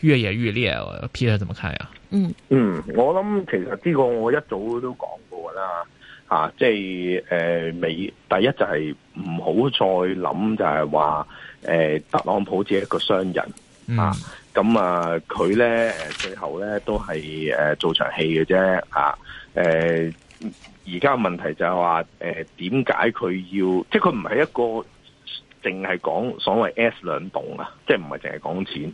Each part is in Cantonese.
越演愈烈 Peter 怎麼看呀、啊？嗯嗯，我諗其實呢個我一早都講過啦，啊，即係誒，美、呃、第一就係唔好再諗就係話誒，特朗普只係一個商人、嗯嗯、那啊，咁、呃、啊，佢咧最後咧都係誒做場戲嘅啫，誒，而家問題就係話誒，點解佢要即係佢唔係一個淨係講所謂 S 兩棟啊，即係唔係淨係講錢。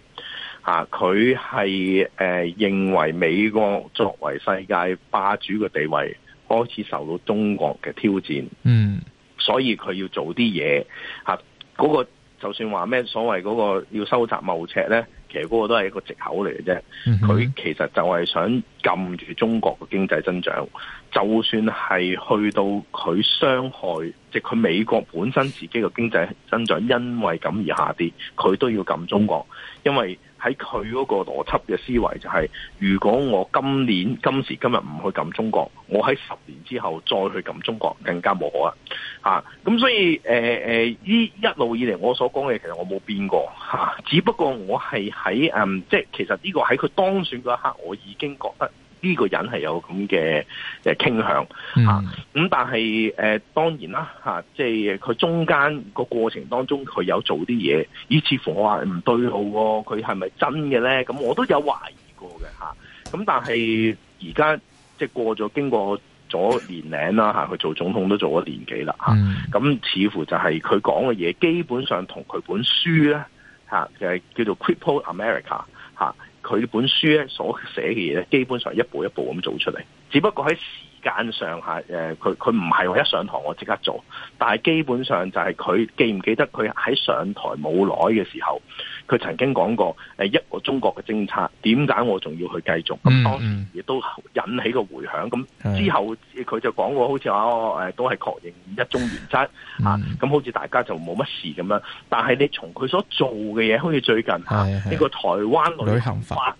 啊！佢係誒認為美國作為世界霸主嘅地位開始受到中國嘅挑戰，嗯，所以佢要做啲嘢，吓、啊、嗰、那個就算話咩所謂嗰個要收窄貿赤咧，其實嗰個都係一個借口嚟嘅啫。佢、嗯、其實就係想撳住中國嘅經濟增長，就算係去到佢傷害，即係佢美國本身自己嘅經濟增長因為咁而下跌，佢都要撳中國，嗯、因為。喺佢嗰個邏輯嘅思維就係、是，如果我今年今時今日唔去撳中國，我喺十年之後再去撳中國更加冇可能！吓，咁所以誒誒，呢、呃、一路以嚟我所講嘅，其實我冇變過吓、啊，只不過我係喺嗯，即係其實呢個喺佢當選嗰一刻，我已經覺得。呢、這個人係有咁嘅誒傾向咁，嗯啊，但係誒，呃，當然啦，啊，即係佢中間個過程當中佢有做啲嘢。而似乎我話唔對號，哦，佢係咪真嘅咧？咁我都有懷疑過嘅嚇。咁，啊，但係而家即係過咗經過咗年齡啦，佢做總統都做咗年紀啦嚇。咁，嗯啊，似乎就係佢講嘅嘢基本上同佢本書咧，啊，就嘅，係，叫做 Crippled America，啊佢呢本書咧所寫嘅嘢咧，基本上一步一步咁做出嚟，只不過喺時間上嚇，誒，佢佢唔係話一上堂我即刻做，但係基本上就係佢記唔記得佢喺上台冇耐嘅時候。佢曾經講過，誒一個中國嘅政策，點解我仲要去繼續？咁、嗯、當然亦都引起個迴響。咁之後佢就講過，好似話我都係確認一中原則嚇。咁、嗯啊、好似大家就冇乜事咁樣。但係你從佢所做嘅嘢，好似最近嚇呢、嗯啊這個台灣旅行法，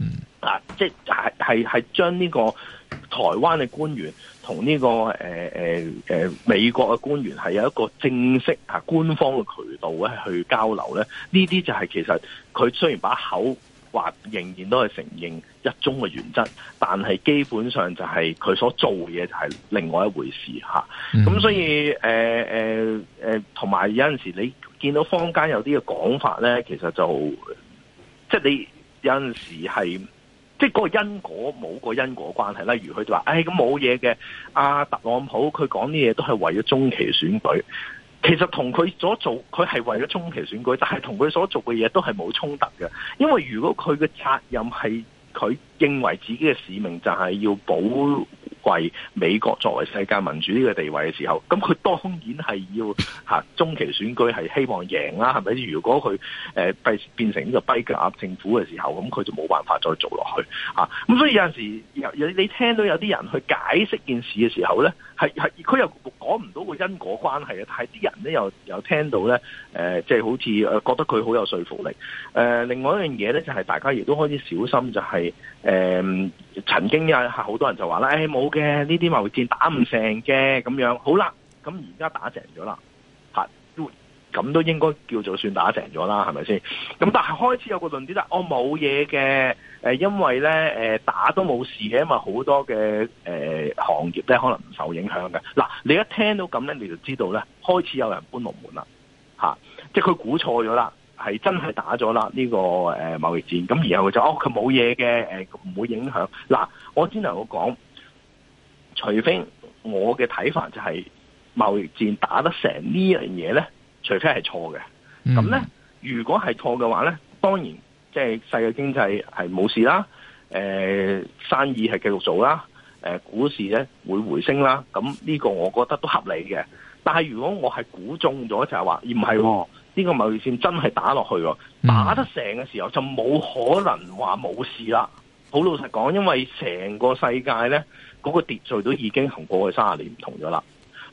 嗯。啊！即係係將呢個台灣嘅官員同呢、呢個誒、呃呃、美國嘅官員係有一個正式官方嘅渠道咧去交流咧，呢啲就係其實佢雖然把口話仍然都係承認一中嘅原則，但係基本上就係佢所做嘢就係另外一回事嚇。咁、嗯、所以誒誒同埋有陣時你見到坊間有啲嘅講法咧，其實就即係、就係、你有陣時係。即係嗰個因果冇個因果關係，例如佢哋話：唉、哎，咁冇嘢嘅阿特朗普，佢講啲嘢都係為咗中期選舉。其實同佢所做，佢係為咗中期選舉，但係同佢所做嘅嘢都係冇衝突嘅。因為如果佢嘅責任係佢認為自己嘅使命，就係要保護。為美國作為世界民主呢個地位嘅時候，咁佢當然係要吓、啊、中期選舉係希望贏啦、啊，係咪？如果佢誒、呃、變成呢個跛腳鴨政府嘅時候，咁佢就冇辦法再做落去啊！咁所以有陣時有你聽到有啲人去解釋件事嘅時候咧。係係，佢又講唔到個因果關係，但係啲人咧又又聽到咧，誒，即係好似誒，覺得佢好有說服力。誒，另外一樣嘢咧就係大家亦都開始小心，就係誒，曾經有好多人就話啦，誒，冇嘅呢啲貿易戰打唔成嘅咁樣，好啦，咁而家打成咗啦，吓，咁都應該叫做算打成咗啦，係咪先？咁但係開始有個論點啦，我冇嘢嘅。誒，因為咧，誒打都冇事嘅，因為好多嘅誒行業咧可能唔受影響嘅。嗱，你一聽到咁咧，你就知道咧，開始有人搬龍門啦，吓，即係佢估錯咗啦，係真係打咗啦呢個誒貿易戰。咁然後佢就哦，佢冇嘢嘅，誒唔會影響。嗱，我只能夠講，除非我嘅睇法就係貿易戰打得成呢樣嘢咧，除非係錯嘅。咁咧，如果係錯嘅話咧，當然。即、就、係、是、世界經濟係冇事啦，誒、呃、生意係繼續做啦，誒、呃、股市咧會回升啦，咁呢個我覺得都合理嘅。但係如果我係估中咗就係話，而唔係呢個貿易戰真係打落去喎、嗯，打得成嘅時候就冇可能話冇事啦。好老實講，因為成個世界咧嗰、那個秩序都已經同過去三十年唔同咗啦，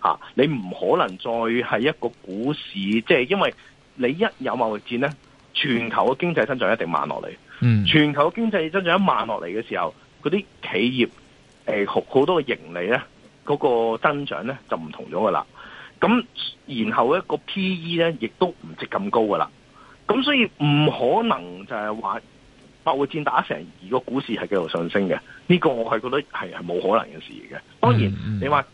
嚇、啊、你唔可能再係一個股市，即、就、係、是、因為你一有貿易戰咧。全球嘅經濟增長一定慢落嚟、嗯，全球嘅經濟增長一慢落嚟嘅時候，嗰啲企業誒好好多嘅盈利咧，嗰、嗰個增長咧就唔同咗噶啦。咁然後一個 P E 咧，亦都唔值咁高噶啦。咁所以唔可能就係話百會戰打成而個股市係繼續上升嘅。呢、呢個我係覺得係係冇可能嘅事嚟嘅。當然你話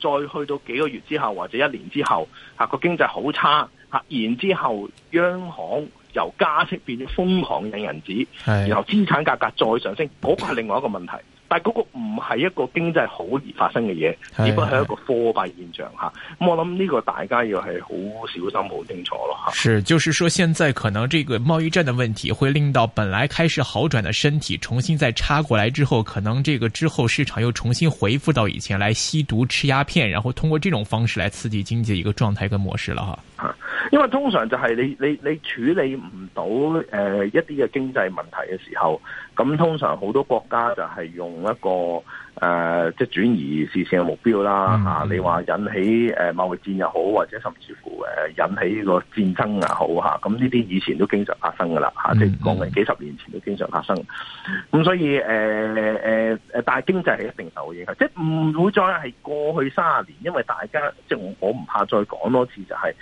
再去到幾個月之後，或者一年之後，啊個經濟好差，啊然之後央行。由加息變咗瘋狂印銀紙，然後資產價格,格再上升，嗰、那個係另外一個問題。但係嗰個唔係一個經濟好易發生嘅嘢，只不過係一個貨幣現象吓。咁、嗯、我諗呢個大家要係好小心、好清楚咯吓。是，就是說，現在可能這個貿易戰的問題會令到本來開始好轉的身體重新再插過來之後，可能這個之後市場又重新恢復到以前來吸毒、吃鴉片，然後通過這種方式來刺激經濟的一個狀態跟模式了哈、啊因為通常就係你你你處理唔到誒一啲嘅經濟問題嘅時候，咁通常好多國家就係用一個誒、呃、即係轉移視線嘅目標啦吓、啊嗯嗯，你話引起誒貿、呃、易戰又好，或者甚至乎誒、呃、引起呢個戰爭也好啊好吓，咁呢啲以前都經常發生噶啦吓，即係講緊幾十年前都經常發生。咁所以誒誒誒，但係經濟係一定受影響，即係唔會再係過去三十年，因為大家即係我唔怕再講多次就係、是。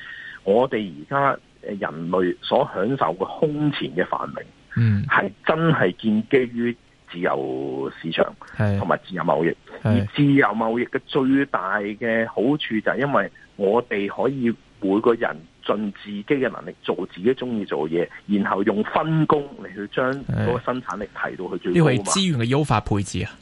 我哋而家誒人類所享受嘅空前嘅繁榮，嗯，係真係建基於自由市場，係同埋自由貿易。而自由貿易嘅最大嘅好處就係因為我哋可以每個人盡自己嘅能力做自己中意做嘢，然後用分工嚟去將嗰個生產力提到去最高。呢個資源嘅優化配置啊！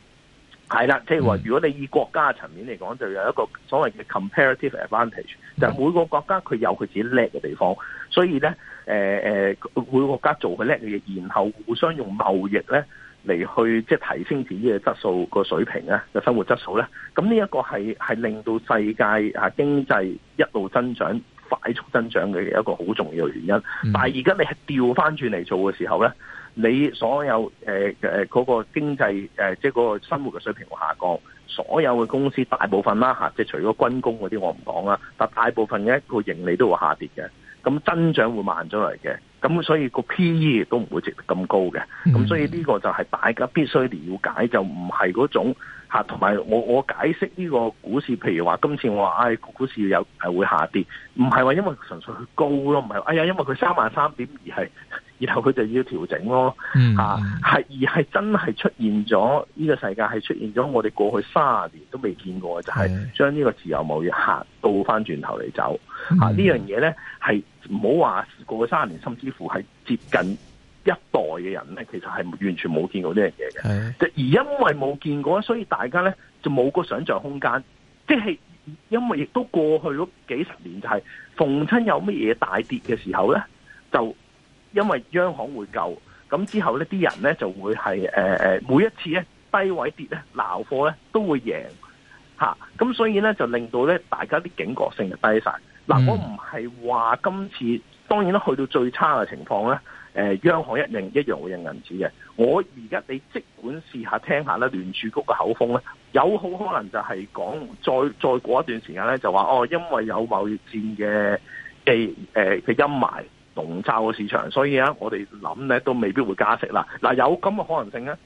係啦，即係話，如果你以國家層面嚟講，就有一個所謂嘅 comparative advantage，就係每個國家佢有佢自己叻嘅地方，所以咧，誒、呃、誒，每個國家做佢叻嘅嘢，然後互相用貿易咧嚟去即係提升自己嘅質素個水平咧嘅生活質素咧，咁呢一個係係令到世界啊經濟一路增長、快速增長嘅一個好重要嘅原因。但係而家你係調翻轉嚟做嘅時候咧。你所有誒誒嗰個經濟誒，即係嗰個生活嘅水平會下降，所有嘅公司大部分啦嚇，即除咗軍工嗰啲我唔講啦，但大部分嘅一個盈利都會下跌嘅，咁增長會慢咗嚟嘅，咁所以個 P E 亦都唔會值得咁高嘅，咁所以呢個就係大家必須了解，就唔係嗰種嚇，同埋我我解釋呢個股市，譬如話今次話誒、哎、股市有係會下跌，唔係話因為純粹佢高咯，唔係，哎呀，因為佢三萬三點二係。然後佢就要調整咯，係、嗯啊、而係真係出現咗呢、這個世界，係出現咗我哋過去卅年都未見過嘅，就係、是、將呢個自由貿易行倒翻轉頭嚟走，嗯啊、呢樣嘢咧係唔好話過去卅年，甚至乎係接近一代嘅人咧，其實係完全冇見過呢樣嘢嘅，而因為冇見過，所以大家咧就冇個想象空間，即、就、係、是、因為亦都過去咗幾十年、就是，就係逢親有乜嘢大跌嘅時候咧，就。因為央行會救，咁之後呢啲人呢就會係、呃、每一次呢低位跌咧撈貨都會贏咁、啊、所以呢，就令到呢大家啲警覺性就低晒。嗱、啊，我唔係話今次當然咧去到最差嘅情況呢、呃、央行一定一樣會印銀紙嘅。我而家你即管試下聽下呢聯儲局嘅口風呢有好可能就係講再再過一段時間呢就話哦，因為有貿易戰嘅嘅嘅陰霾。籠罩嘅市場，所以啊，我哋諗咧都未必會加息啦。嗱，有咁嘅可能性咧，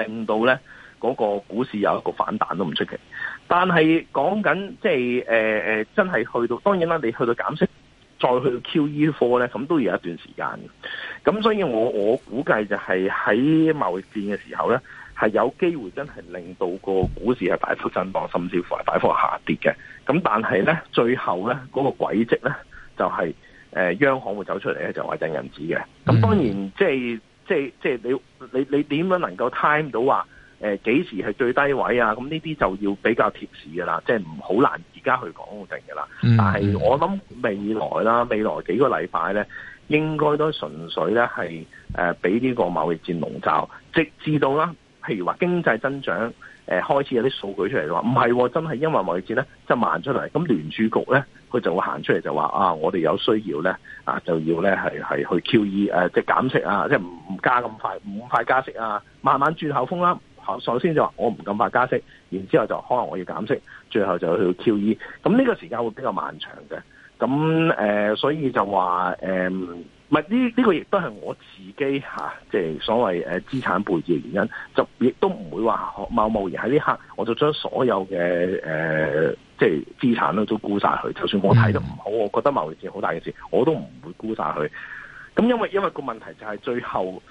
而令到咧嗰個股市有一個反彈都唔出奇。但係講緊即係誒真係去到當然啦，你去到減息，再去到 QE 貨咧，咁都要有一段時間。咁所以我我估計就係喺貿易戰嘅時候咧，係有機會真係令到個股市係大幅震盪，甚至乎係大幅下跌嘅。咁但係咧，最後咧嗰個軌跡咧就係。誒、呃、央行會走出嚟咧，就係印銀紙嘅。咁當然，嗯、即係即係即係你你你點樣能夠 time 到話呃、幾時係最低位啊？咁呢啲就要比較貼市㗎啦，即係唔好難而家去講定嘅啦、嗯。但係我諗未來啦，未來幾個禮拜咧，應該都純粹咧係誒俾呢個貿易戰籠罩，直至到啦，譬如話經濟增長。誒，開始有啲數據出嚟話，唔係、哦，真係因為貿易戰咧，即係慢出嚟。咁聯儲局咧，佢就會行出嚟就話啊，我哋有需要咧，啊，就要咧，係係去 QE，即係減息啊，即係唔唔加咁快，唔快加息啊，慢慢轉口風啦、啊。首先就話我唔咁快加息，然之後就可能我要減息，最後就去 QE。咁呢個時間會比較漫長嘅。咁誒、呃，所以就話唔係呢？呢個亦都係我自己嚇，即係所謂誒資產配置嘅原因，就亦都唔會話貿貿然喺呢刻，我就將所有嘅誒即係資產咧都沽晒佢。就算我睇得唔好，我覺得貿易戰好大嘅事，我都唔會沽晒佢。咁因為因為個問題就係最後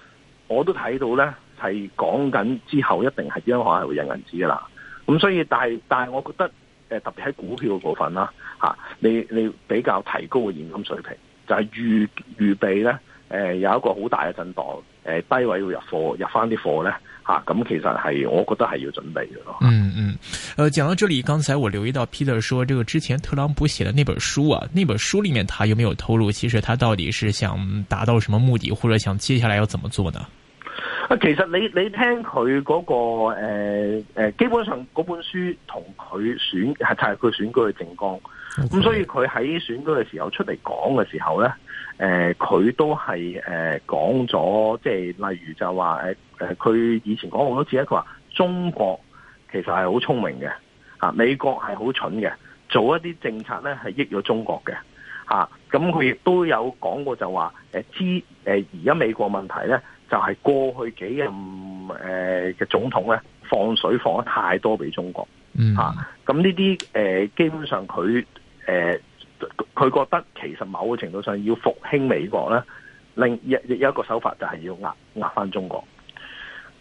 我都睇到咧係講緊之後一定係央行係會印銀紙噶啦。咁所以但係但係，我覺得誒特別喺股票嘅部分啦嚇，你你比較提高嘅現金水平。但係預預備咧，誒、呃、有一個好大嘅震盪，誒、呃、低位要入貨，入翻啲貨咧，吓、啊、咁其實係我覺得係要準備嘅咯。嗯嗯，誒、呃、講到這裏，剛才我留意到 Peter 說，這個之前特朗普寫的那本書啊，那本書裏面他有沒有透露，其實他到底是想達到什麼目的，或者想接下來要怎麼做呢？啊，其實你你聽佢嗰、那個誒誒、呃呃，基本上嗰本書同佢選，就係佢選舉嘅政綱。咁、okay. 嗯、所以佢喺選舉嘅時候出嚟講嘅時候咧，誒、呃，佢都係誒講咗，即係例如就話誒，佢、呃呃、以前講好多次咧，佢話中國其實係好聰明嘅，吓、啊，美國係好蠢嘅，做一啲政策咧係益咗中國嘅，吓、啊，咁佢亦都有講過就話，誒、呃，知誒，而家美國問題咧就係、是、過去幾任誒嘅總統咧放水放得太多俾中國，吓、啊，咁呢啲誒，基本上佢。誒、呃，佢覺得其實某個程度上要復興美國咧，另有一個手法就係要壓壓返中國。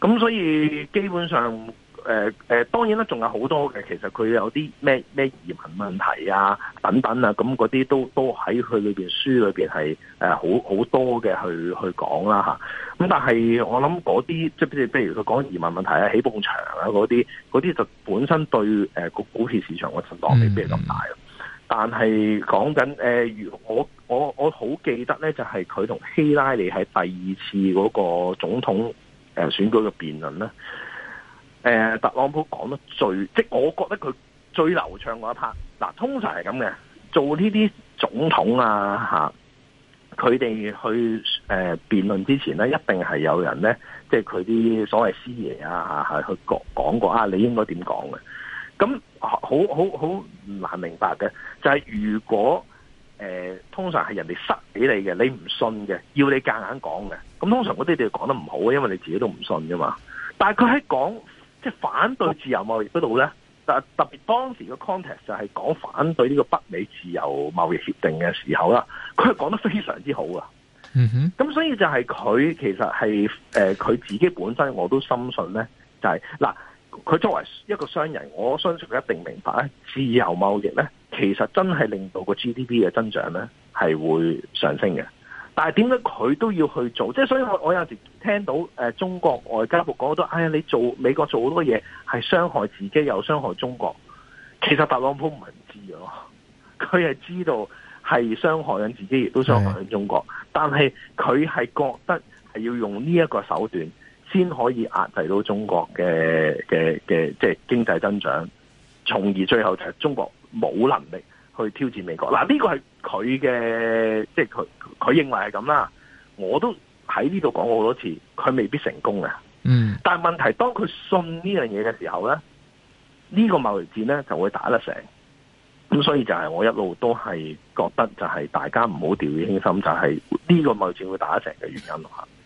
咁所以基本上，誒、呃、誒、呃，當然咧仲有好多嘅，其實佢有啲咩咩移民問題啊，等等啊，咁嗰啲都都喺佢裏邊書裏邊係誒好好多嘅去去講啦吓。咁但係我諗嗰啲即係譬如譬如佢講移民問題啊，起步牆啊嗰啲，嗰啲就本身對誒個、呃、股市市場嘅震盪未必咁大、嗯嗯但係講緊誒，如、呃、我我我好記得咧，就係佢同希拉里喺第二次嗰個總統誒選舉嘅辯論咧、呃。特朗普講得最，即係我覺得佢最流暢嗰一 part。嗱，通常係咁嘅，做呢啲總統啊嚇，佢哋去誒辯論之前咧，一定係有人咧，即係佢啲所謂師爺啊嚇，係去講講過啊，你應該點講嘅。咁好好好唔難明白嘅，就係、是、如果誒、呃、通常係人哋塞俾你嘅，你唔信嘅，要你夾硬講嘅，咁通常嗰啲哋講得唔好啊，因為你自己都唔信噶嘛。但係佢喺講即係反對自由貿易嗰度咧，特特別當時嘅 context 就係講反對呢個北美自由貿易協定嘅時候啦，佢係講得非常之好啊。嗯哼，咁所以就係佢其實係誒佢自己本身我都深信咧，就係、是、嗱。佢作為一個商人，我相信佢一定明白咧，自由貿易咧，其實真係令到個 GDP 嘅增長咧係會上升嘅。但係點解佢都要去做？即係所以我我有時聽到誒、呃、中國外交部講好多，哎呀你做美國做好多嘢係傷害自己又傷害中國。其實特朗普唔係唔知咯，佢係知道係傷害緊自己，亦都傷害緊中國。但係佢係覺得係要用呢一個手段。先可以壓制到中國嘅嘅嘅，即係經濟增長，從而最後就係中國冇能力去挑戰美國。嗱，呢個係佢嘅，即係佢佢認為係咁啦。我都喺呢度講過好多次，佢未必成功嘅。嗯、mm.，但係問題當佢信呢樣嘢嘅時候咧，呢、呢個貿易戰咧就會打得成。咁所以就係我一路都係覺得，就係大家唔好掉以輕心，就係呢個貿易戰會打得成嘅原因。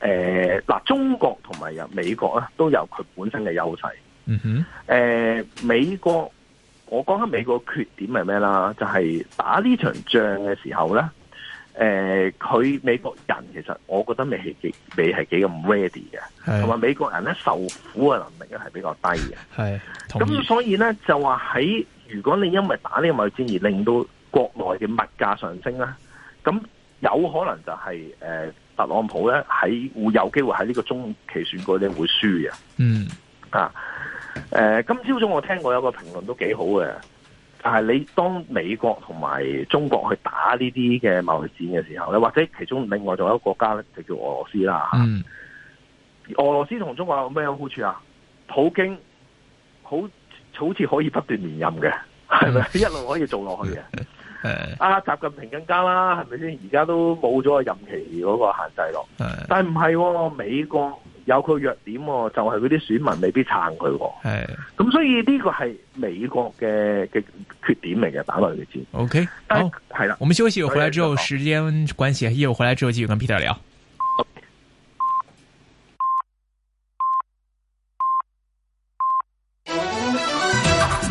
誒，嗱，中國同埋有美國咧，都有佢本身嘅優勢。嗯哼，誒、呃，美國，我講緊美國缺點係咩啦？就係、是、打呢場仗嘅時候咧，誒、呃，佢美國人其實我覺得未係幾未係幾咁 ready 嘅，同埋美國人咧受苦嘅能力咧係比較低嘅。係，咁所以咧就話喺如果你因為打呢個貿易戰而令到國內嘅物價上升啦，咁有可能就係、是、誒。呃特朗普咧喺，會有機會喺呢個中期選舉咧會輸嘅。嗯啊，誒、呃，今朝早我聽過有個評論都幾好嘅，但係你當美國同埋中國去打呢啲嘅貿易戰嘅時候咧，或者其中另外仲有一個國家咧，就叫俄羅斯啦。嗯。俄羅斯同中國有咩好處啊？普京好好似可以不斷連任嘅，係咪？一路可以做落去嘅。嗯嗯誒、啊，啊習近平更加啦，係咪先？而家都冇咗個任期嗰個限制咯。係、啊，但係唔係美國有佢弱點、哦，就係嗰啲選民未必撐佢、哦。係、啊，咁所以呢個係美國嘅嘅缺點嚟嘅，打落去嘅戰。OK，好，係啦。我們休息，我回來之後時間關係，一會回來之後繼續跟 Peter 聊。